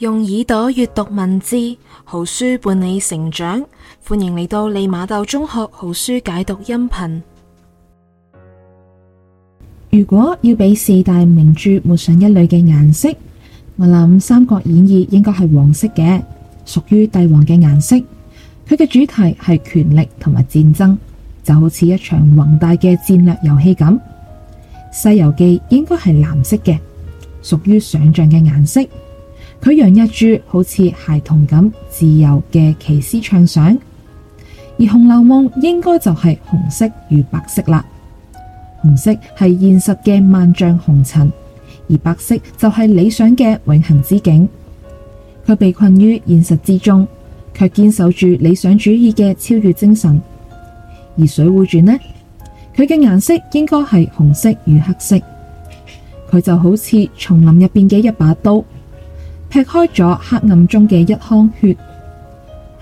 用耳朵閱讀文字，好書伴你成長。歡迎嚟到利馬竇中學好書解讀音頻。如果要俾四大名著抹上一類嘅顏色，我諗《三國演義》應該係黃色嘅，屬於帝王嘅顏色。佢嘅主題係權力同埋戰爭，就好似一場宏大嘅戰略遊戲咁。《西遊記》應該係藍色嘅，屬於想象嘅顏色。佢養一住好似孩童咁自由嘅奇思暢想，而《紅樓夢》應該就係紅色與白色啦。紅色係現實嘅萬丈紅塵，而白色就是理想嘅永恒之境。佢被困於現實之中，卻堅守住理想主義嘅超越精神。而《水滸傳》呢，佢嘅顏色應該係紅色與黑色。佢就好似叢林入面嘅一把刀。劈開咗黑暗中嘅一腔血。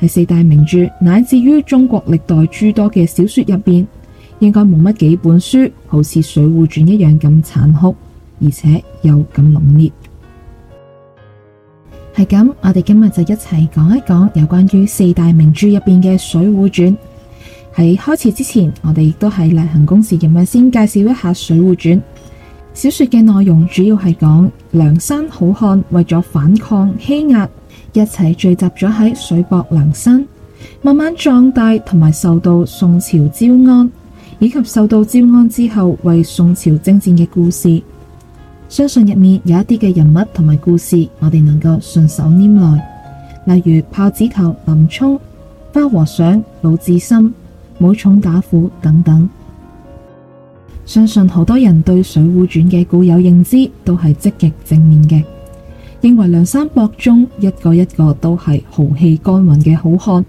係四大名著乃至於中國歷代諸多嘅小說入面，應該冇乜幾本書好似《水滸傳》一樣咁殘酷，而且又咁濃烈。係咁，我哋今日就一齊講一講有關於四大名著入面嘅《水滸傳》。喺開始之前，我哋亦都係例行公事咁樣先介紹一下水戶轉《水滸傳》。小說嘅內容主要係講梁山好漢為咗反抗欺壓，一齊聚集咗喺水泊梁山，慢慢壯大，同埋受到宋朝招安，以及受到招安之後為宋朝征戰嘅故事。相信入面有一啲嘅人物同埋故事，我哋能夠順手拈來，例如豹子頭林沖、花和尚魯智深、武松打虎等等。相信好多人對《水滸傳》嘅固有認知都係積極正面嘅，認為梁山泊中一個一個都係豪氣干雲嘅好漢，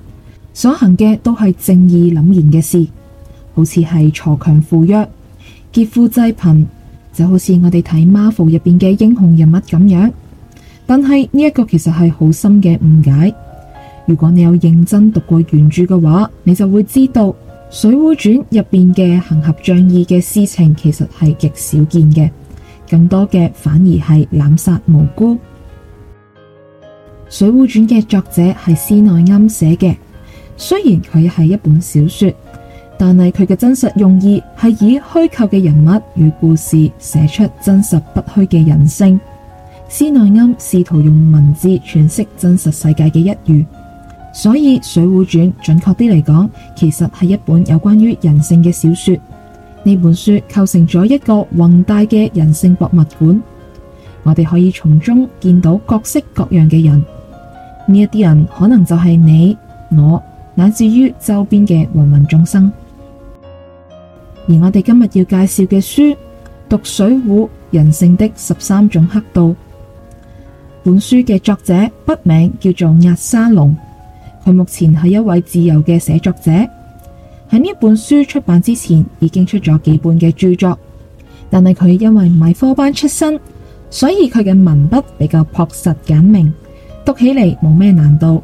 所行嘅都係正義凛然嘅事，好似係鋤強扶弱、劫富濟貧，就好似我哋睇 Marvel 入面嘅英雄人物咁樣。但係呢一個其實係好深嘅誤解。如果你有認真讀過原著嘅話，你就會知道。《水滸傳》入面的行俠仗義的事情其實是極少見的，更多的反而是濫殺無辜。《水滸傳》的作者是施耐庵寫的，雖然佢是一本小說，但係佢嘅真實用意是以虛構的人物與故事寫出真實不虛的人性。施耐庵試圖用文字詮釋真實世界的一隅。所以《水滸傳》準確啲嚟講，其實係一本有關於人性嘅小說。呢本書構成咗一個宏大嘅人性博物館，我哋可以從中見到各式各樣嘅人。呢一啲人可能就係你我，乃至於周邊嘅芸芸眾生。而我哋今日要介紹嘅書《讀水滸人性的十三種刻度》，本書嘅作者筆名叫做押沙龍。佢目前係一位自由嘅寫作者，喺呢本書出版之前已經出咗幾本嘅著作，但係佢因為唔係科班出身，所以佢嘅文筆比較樸實簡明，讀起嚟冇咩難度。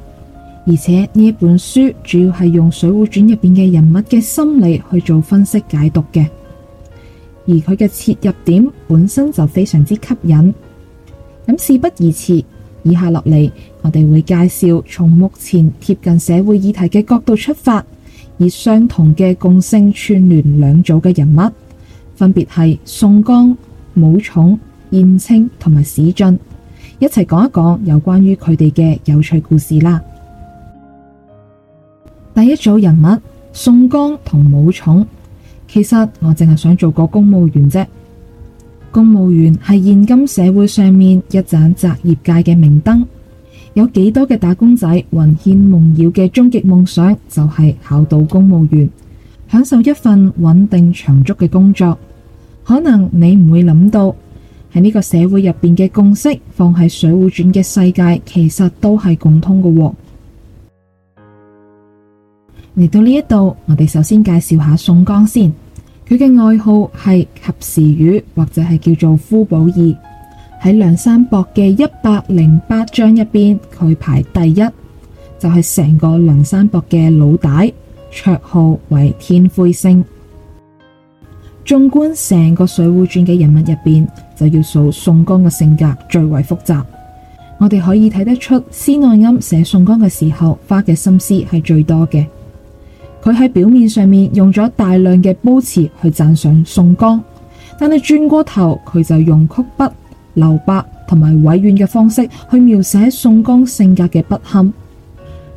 而且呢一本書主要係用水滸傳入邊嘅人物嘅心理去做分析解讀嘅，而佢嘅切入點本身就非常之吸引。咁事不宜遲。以下落嚟，我哋會介紹從目前貼近社會議題嘅角度出發，以相同嘅共性串聯兩組嘅人物，分別係宋江、武松、燕青同埋史進，一齊講一講有關於佢哋嘅有趣故事啦。第一組人物宋江同武松，其實我淨係想做個公務員啫。公務員係現今社會上面一盞擇業界嘅明燈，有幾多嘅打工仔魂牽夢繞嘅終極夢想就係考到公務員，享受一份穩定長足嘅工作。可能你唔會諗到，喺呢個社會入邊嘅共識，放喺《水滸傳》嘅世界，其實都係共通嘅喎。嚟到呢一度，我哋首先介紹下宋江先。佢嘅外號係及時雨，或者係叫做呼保義。喺梁山泊嘅一百零八將入邊，佢排第一，就係成個梁山泊嘅老大，綽號為天魁星。縱觀成個水滸傳嘅人物入邊，就要數宋江嘅性格最為複雜。我哋可以睇得出施耐庵寫宋江嘅時候花嘅心思係最多嘅。佢喺表面上面用咗大量嘅褒詞去讚賞宋江，但係轉過頭佢就用曲筆、留白同埋委婉嘅方式去描寫宋江性格嘅不堪。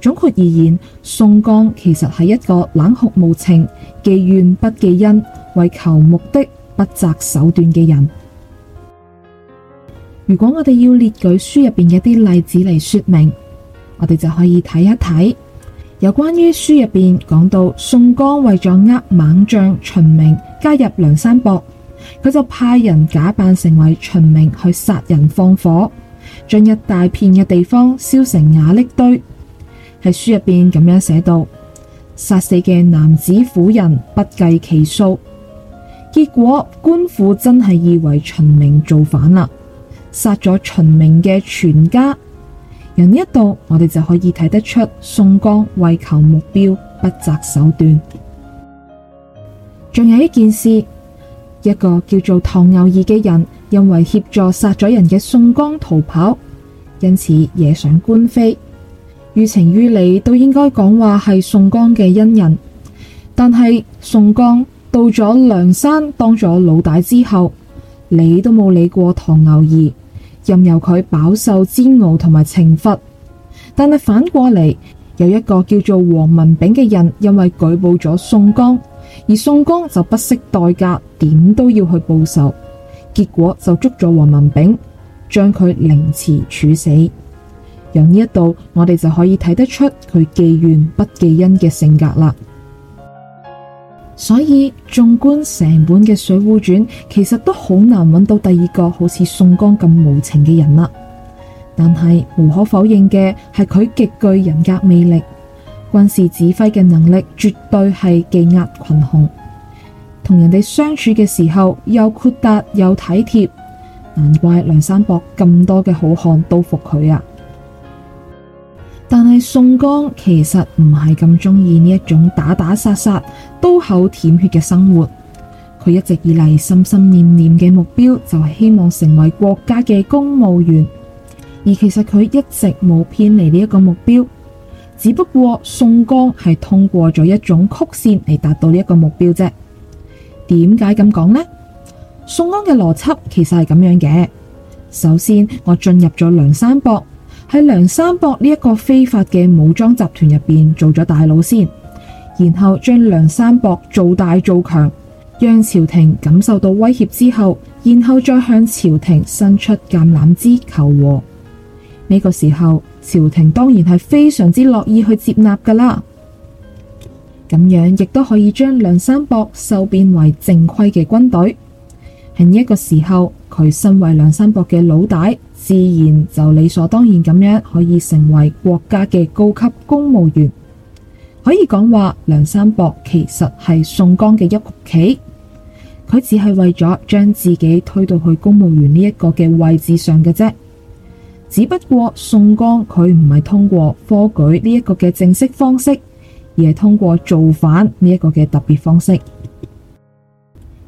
總括而言，宋江其實係一個冷酷無情、記怨不記恩、為求目的不擇手段嘅人。如果我哋要列舉書入邊嘅一啲例子嚟說明，我哋就可以睇一睇。有關於書入邊講到宋江為咗呃猛將秦明加入梁山泊，佢就派人假扮成為秦明去殺人放火，將一大片嘅地方燒成瓦礫堆。喺書入邊咁樣寫到，殺死嘅男子婦人不計其數。結果官府真係以為秦明造反啦，殺咗秦明嘅全家。由呢度，我哋就可以睇得出宋江為求目標，不擇手段。仲有一件事，一個叫做唐牛二嘅人，因為協助殺咗人嘅宋江逃跑，因此惹上官非。於情於理都應該講話係宋江嘅恩人，但係宋江到咗梁山當咗老大之後，你都冇理過唐牛二。任由佢飽受煎熬同埋懲罰，但係反過嚟，有一個叫做黃文炳嘅人，因為舉報咗宋江，而宋江就不惜代價點都要去報仇，結果就捉咗黃文炳，將佢凌遲處死。由呢一度，我哋就可以睇得出佢記怨不記恩嘅性格啦。所以，縱觀成本嘅《水滸傳》，其實都好難揾到第二個好似宋江咁無情嘅人物。但是無可否認嘅係佢極具人格魅力，軍事指揮嘅能力絕對係技壓群雄。同人哋相處嘅時候又豁達又體貼，難怪梁山泊咁多嘅好漢都服佢啊！但係宋江其實唔係咁鍾意呢一種打打殺殺、刀口舔血嘅生活。佢一直以嚟心心念念嘅目標就係、是、希望成為國家嘅公務員，而其實佢一直冇偏離呢一個目標，只不過宋江係通過咗一種曲綫嚟達到呢一個目標啫。點解咁講呢？宋江嘅邏輯其實係咁樣嘅：首先，我進入咗梁山泊。喺梁山泊呢一個非法嘅武裝集團入邊做咗大佬先，然後將梁山泊做大做強，讓朝廷感受到威脅之後，然後再向朝廷伸出橄欖枝求和。呢、這個時候，朝廷當然係非常之樂意去接納噶啦。咁樣亦都可以將梁山泊收編為正規嘅軍隊。喺呢一個時候，佢身為梁山泊嘅老大，自然就理所當然咁樣可以成為國家嘅高級公務員，可以講話梁山泊其實係宋江嘅一局棋，佢只係為咗將自己推到去公務員呢一個嘅位置上嘅啫。只不過宋江佢唔係通過科舉呢一個嘅正式方式，而係通過造反呢一個嘅特別方式。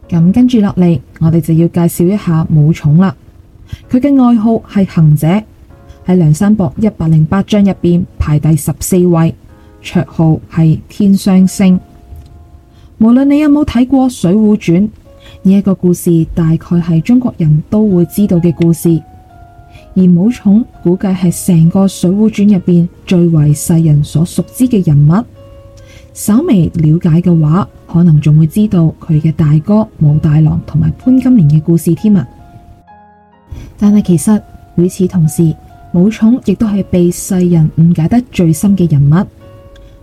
咁跟住落嚟，我哋就要介紹一下武松啦。佢嘅愛好是行者，喺梁山泊一百零八將入面排第十四位，綽號是天傷星。無論你有冇睇過《水滸傳》，呢、這個故事大概是中國人都會知道嘅故事。而武松估計是成個《水滸傳》入面最為世人所熟知嘅人物。稍微了解嘅話，可能仲會知道佢嘅大哥武大郎同埋潘金蓮嘅故事添啊！但係其實與此同時，武松亦都係被世人誤解得最深嘅人物。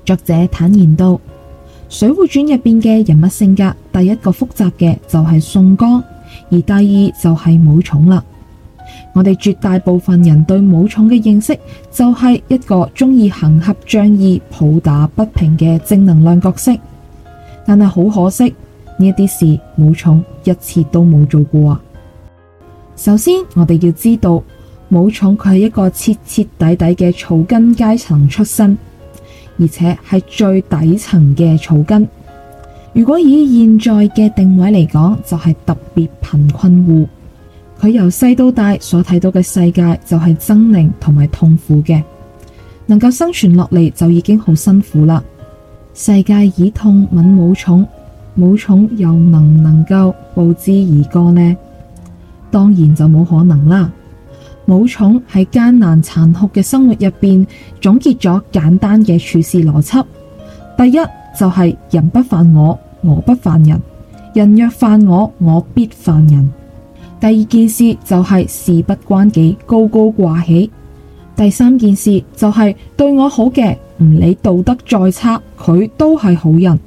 作者坦言道《水滸傳》入邊嘅人物性格，第一個複雜嘅就係宋江，而第二就係武松啦。我哋絕大部分人對武松嘅認識，就係一個鍾意行俠仗義、抱打不平嘅正能量角色。但係好可惜，呢一啲事武松一次都冇做過啊！首先，我哋要知道武松佢係一個徹徹底底嘅草根階層出身，而且係最底層嘅草根。如果以現在嘅定位嚟講，就係、是、特別貧困戶。佢由細到大所睇到嘅世界就係猙獰同埋痛苦嘅，能夠生存落嚟，就已經好辛苦啦。世界以痛吻武松，武松又能唔能夠報之而歌呢？當然就冇可能啦。武松喺艱難殘酷嘅生活入邊總結咗簡單嘅處事邏輯。第一就係人不犯我，我不犯人；人若犯我，我必犯人。第二件事就係事不關己，高高掛起。第三件事就係對我好嘅，唔理道德再差，佢都係好人；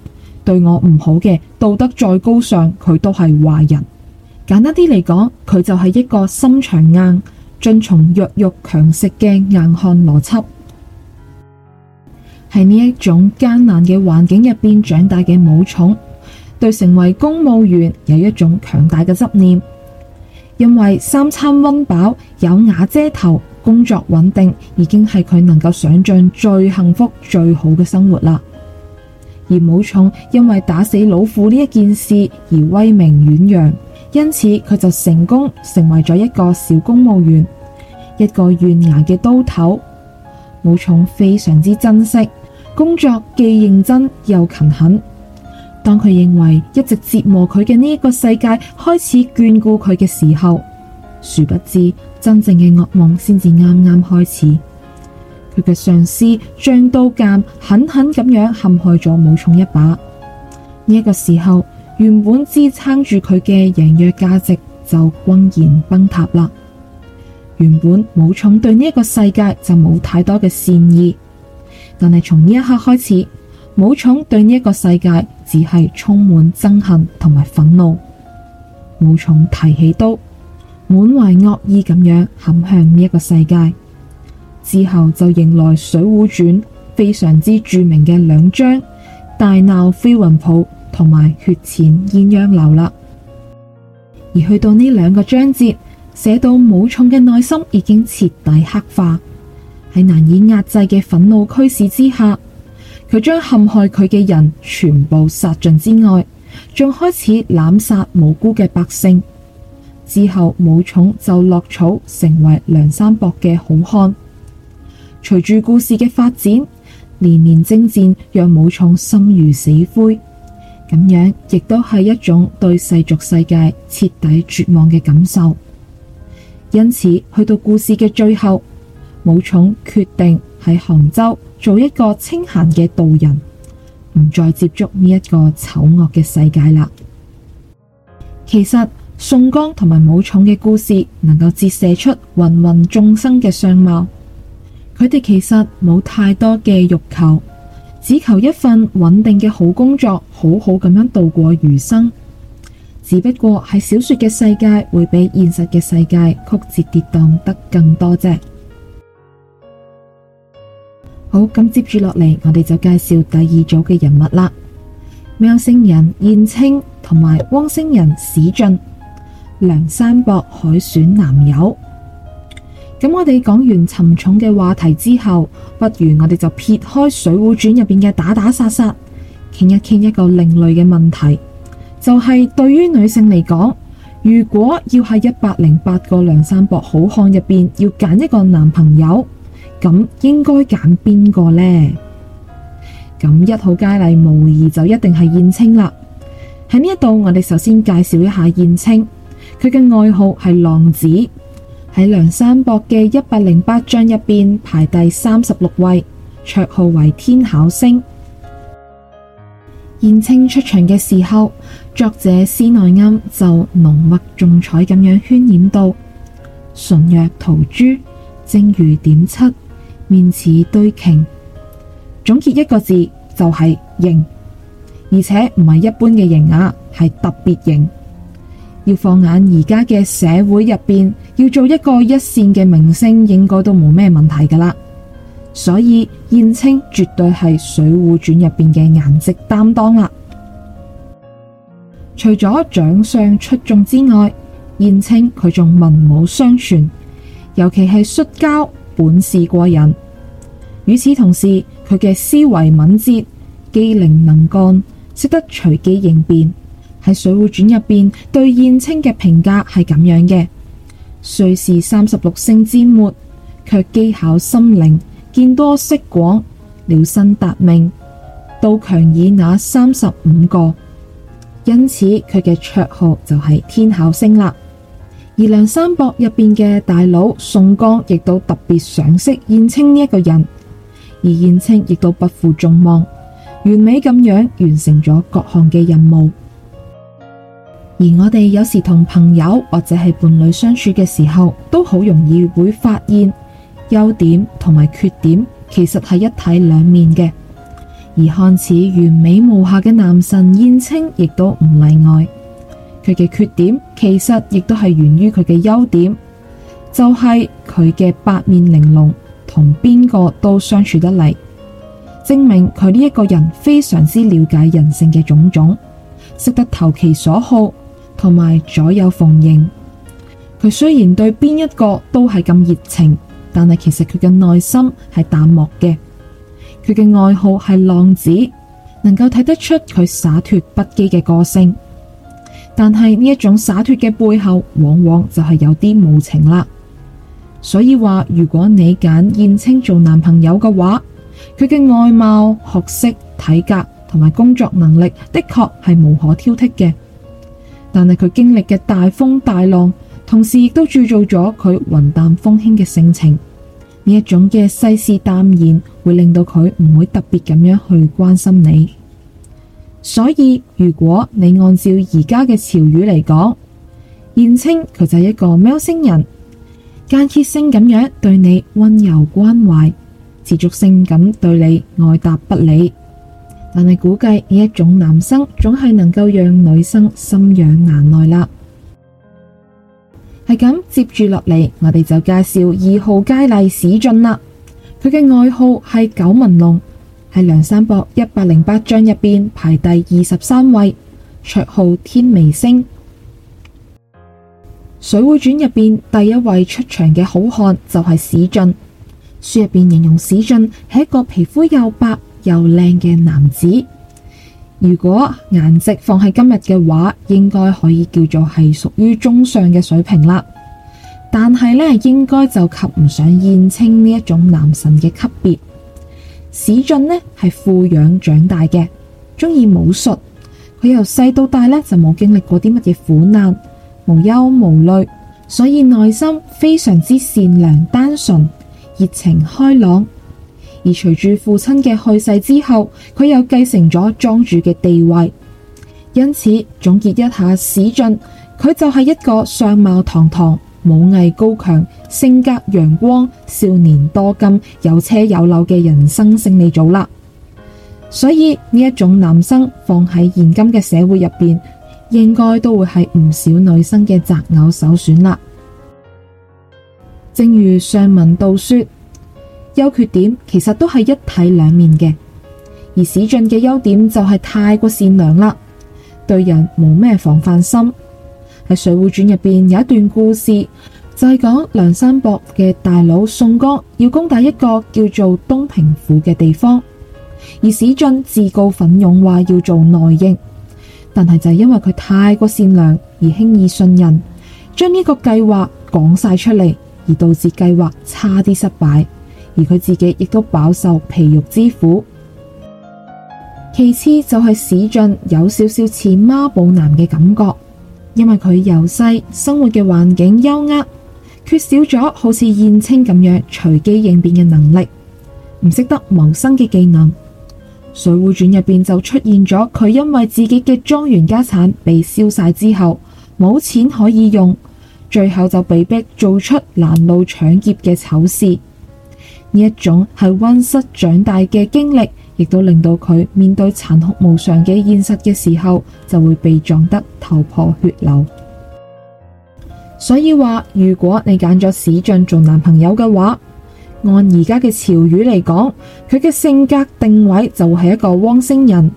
對我唔好嘅，道德再高尚，佢都係壞人。簡單啲嚟講，佢就是一個心腸硬、遵從弱肉強食的硬漢邏輯。在這種艱難的環境裏邊長大的武松，對成為公務員有一種強大的執念。因為三餐溫飽、有瓦遮頭、工作穩定，已經是佢能夠想象最幸福、最好的生活啦。而武松因為打死老虎這一件事而威名遠揚。因此，佢就成功成為咗一個小公務員，一個縣衙嘅都頭。武松非常之珍惜工作，既認真又勤懇。當佢認為一直折磨佢嘅呢個世界開始眷顧佢嘅時候，殊不知真正嘅噩夢先至啱啱開始。佢嘅上司張都監狠狠咁樣陷害咗武松一把。呢一個時候。原本支撐住佢嘅營養價值就轟然崩塌喇。原本武松對呢個世界就冇太多嘅善意，但係從呢一刻開始，武松對呢個世界只係充滿憎恨同埋憤怒。武松提起刀，滿懷惡意咁樣砍向呢個世界，之後就迎來《水滸傳》非常之著名嘅兩章：大鬧飛雲浦。同埋血濺鴛鴦樓啦，而去到呢兩個章節，寫到武松嘅內心已經徹底黑化，喺難以壓制嘅憤怒驅使之下，佢將陷害佢嘅人全部殺盡之外，仲開始濫殺無辜嘅百姓。之後武松就落草成為梁山泊嘅好漢。隨住故事嘅發展，連年征戰讓武松心如死灰。咁樣亦都係一種對世俗世界徹底絕望嘅感受，因此去到故事嘅最後，武松決定喺杭州做一個清閒嘅道人，唔再接觸呢一個醜惡嘅世界啦。其實宋江同埋武松嘅故事，能夠折射出芸芸眾生嘅相貌，佢哋其實冇太多嘅欲求，只求一份穩定嘅好工作，好好咁樣度過餘生。只不過係小說嘅世界會比現實嘅世界曲折跌宕得更多啫。好，咁接住落嚟，我哋就介紹第二組嘅人物啦。喵星人燕青同埋汪星人史進，梁山泊海選男友。咁我哋講完沉重嘅話題之後，不如我哋就撇開《水滸傳》入邊嘅打打殺殺，傾一傾一個另類嘅問題，就係對於女性嚟講，如果要喺一百零八個梁山泊好漢入邊要揀一個男朋友，咁應該揀邊個呢？咁一號佳麗無疑就一定係燕青啦。喺呢度，我哋首先介紹一下燕青，佢嘅外號係浪子。喺梁山泊嘅一百零八將入面排第三十六位，綽號為天巧星。燕青出場嘅時候，作者施耐庵就濃墨重彩咁樣渲染到：唇若塗朱，正如點漆，面似堆瓊。總結一個字就係型，而且唔係一般嘅型啊，係特別型。要放眼而家嘅社會入邊，要做一個一綫嘅明星，應該都冇咩問題㗎啦。所以燕青絕對係《水滸傳》入邊嘅顏值擔當啦。除咗長相出眾之外，燕青佢仲文武雙全，尤其係摔跤本事過人。與此同時，佢嘅思維敏捷、機靈能幹，識得隨機應變。《水滸傳》入邊對燕青嘅評價係咁樣嘅：雖是三十六星之末，卻機巧心靈，見多識廣，了身達命，都強以那三十五個，因此佢嘅綽號就係天巧星啦。而梁山泊入邊嘅大佬宋江亦都特別賞識燕青呢一個人，而燕青亦都不負眾望，完美咁樣完成咗各項嘅任務。而我哋有時同朋友或者係伴侶相處嘅時候，都好容易會發現優點同埋缺點，其實係一體兩面嘅。而看似完美無瑕嘅男神燕青，亦都唔例外。佢嘅缺點其實亦都係源於佢嘅優點，就係佢嘅八面玲瓏，同邊個都相處得嚟，證明佢呢一個人非常之了解人性嘅種種，識得投其所好。同埋左右逢迎，佢雖然對邊一個都係咁熱情，但係其實佢嘅內心係淡漠嘅。佢嘅愛好係浪子，能夠睇得出佢灑脫不羈嘅個性。但係呢一種灑脫嘅背後，往往就係有啲無情啦。所以話，如果你揀燕青做男朋友嘅話，佢嘅外貌、學識、體格同埋工作能力的確係無可挑剔嘅。但係佢經歷嘅大風大浪，同時亦都鑄造咗佢雲淡風輕嘅性情。呢一種嘅世事淡然，會令到佢唔會特別咁樣去關心你。所以如果你按照而家嘅潮語嚟講，燕青佢就係一個喵星人，間歇性咁樣對你溫柔關懷，持續性咁對你愛答不理。但係估計呢種男生總係能夠讓女生心癢難耐啦。係咁接住，落嚟，我哋就介紹二號佳麗史進啦。佢嘅外號係九紋龍，係梁山泊一百零八將入邊排第二十三位，綽號天微星。水滸傳入邊第一位出場嘅好漢就係史進，書入邊形容史進係一個皮膚又白又靚嘅男子，如果顏值放喺今日嘅話，應該可以叫做係屬於中上嘅水平啦。但係呢，應該就及唔上燕青呢一種男神嘅級別。史進呢係富養長大嘅，鍾意武術，佢由細到大呢，就冇經歷過啲乜嘢苦難，無憂無慮，所以內心非常之善良單純，熱情開朗。而隨住父親嘅去世之後，佢又繼承咗莊主嘅地位。因此總結一下史進，佢就係一個相貌堂堂、武藝高強、性格陽光、少年多金、有車有樓嘅人生勝利組啦。所以呢一種男生放喺現今嘅社會入邊，應該都會係唔少女生嘅擇偶首選啦。正如上文道說，優缺點其實都係一體兩面嘅，而史進嘅優點就係太過善良啦，對人冇咩防範心。喺《水滸傳》入邊有一段故事，就係、是、講梁山泊嘅大佬宋江要攻打一個叫做東平府嘅地方，而史進自告奮勇話要做內應，但係就係因為佢太過善良而輕易信任，將呢個計劃講晒出嚟，而導致計劃差啲失敗。而佢自己亦都飽受皮肉之苦。其次就係史進有少少似媽寶男嘅感覺，因為佢由細生活嘅環境優渥，缺少咗好似燕青咁樣隨機應變嘅能力，唔識得謀生嘅技能。水滸傳入邊就出現咗佢，因為自己嘅莊園家產被燒晒之後，冇錢可以用，最後就被逼做出攔路搶劫嘅醜事。呢一種係溫室長大嘅經歷，亦都令到佢面對殘酷無常嘅現實嘅時候，就會被撞得頭破血流。所以話，如果你揀咗史進做男朋友嘅話，按而家嘅潮語嚟講，佢嘅性格定位就係一個汪星人，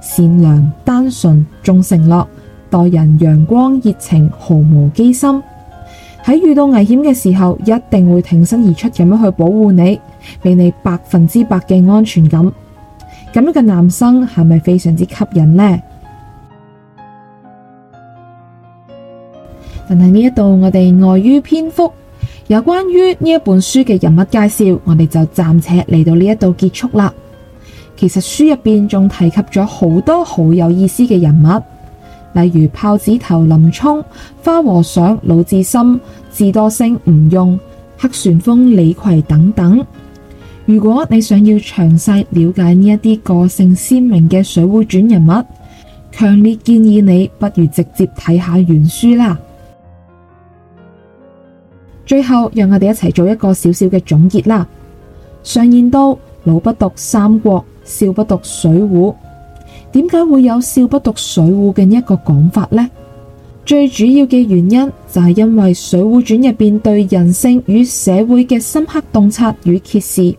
善良、單純、重承諾，待人陽光、熱情，毫無機心。喺遇到危險嘅時候，一定會挺身而出，咁樣去保護你，俾你百分之百嘅安全感。咁樣嘅男生係咪非常之吸引呢？但係呢一度我哋礙於篇幅，有關於呢本書嘅人物介紹，我哋就暫且嚟到呢一度結束啦。其實書入面仲提及咗好多好有意思嘅人物。例如豹子頭林沖、花和尚魯智深、智多星吳用、黑旋風李逵等等。如果你想要詳細了解呢一啲個性鮮明嘅《水滸傳》人物，強烈建議你不如直接睇下原書啦。最後，讓我哋一齊做一個小小嘅總結啦。常言道，老不讀三國，少不讀水滸。點解會有少不讀水滸嘅一個講法呢？最主要嘅原因就係因為水滸傳入邊對人性與社會嘅深刻洞察與揭示，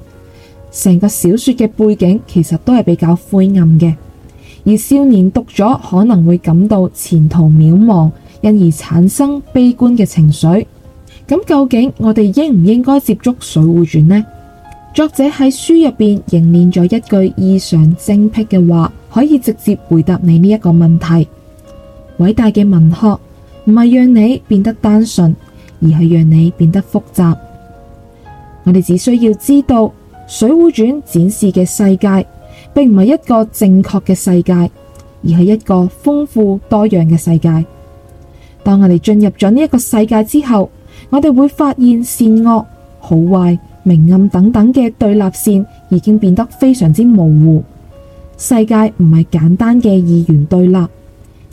成個小說嘅背景其實都係比較灰暗嘅，而少年讀咗可能會感到前途渺茫，因而產生悲觀嘅情緒。咁究竟我哋應唔應該接觸水滸傳呢？作者喺書入邊凝練咗一句異常精辟嘅話，可以直接回答你呢一個問題：偉大嘅文學唔係讓你變得單純，而係讓你變得複雜。我哋只需要知道《水滸傳》展示嘅世界，並唔係一個正確嘅世界，而係一個豐富多樣嘅世界。當我哋進入咗呢一個世界之後，我哋會發現善惡、好壞。明暗等等嘅對立線已經變得非常之模糊，世界唔係簡單嘅二元對立，而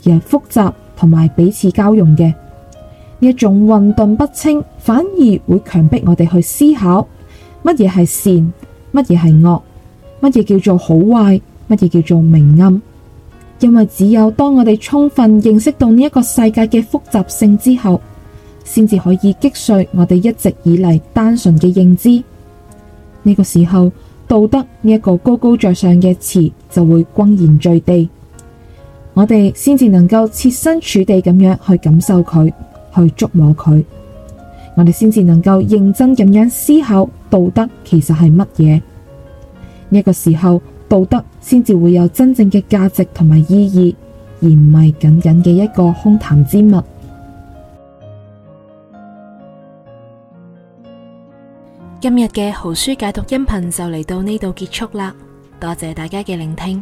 係複雜同埋彼此交融嘅。呢一種混沌不清，反而會強迫我哋去思考乜嘢係善，乜嘢係惡，乜嘢叫做好壞，乜嘢叫做明暗。因為只有當我哋充分認識到呢一個世界嘅複雜性之後，先至可以擊碎我哋一直以嚟單純嘅認知，呢、這個時候道德呢一個高高在上嘅詞就會轟然墜地，我哋先至能夠設身處地咁樣去感受佢，去觸摸佢，我哋先至能夠認真咁樣思考道德其實係乜嘢，呢、這個時候道德先至會有真正嘅價值同埋意義，而唔係僅僅嘅一個空談之物。今日嘅好書解讀音頻就嚟到呢度結束啦，多謝大家嘅聆聽。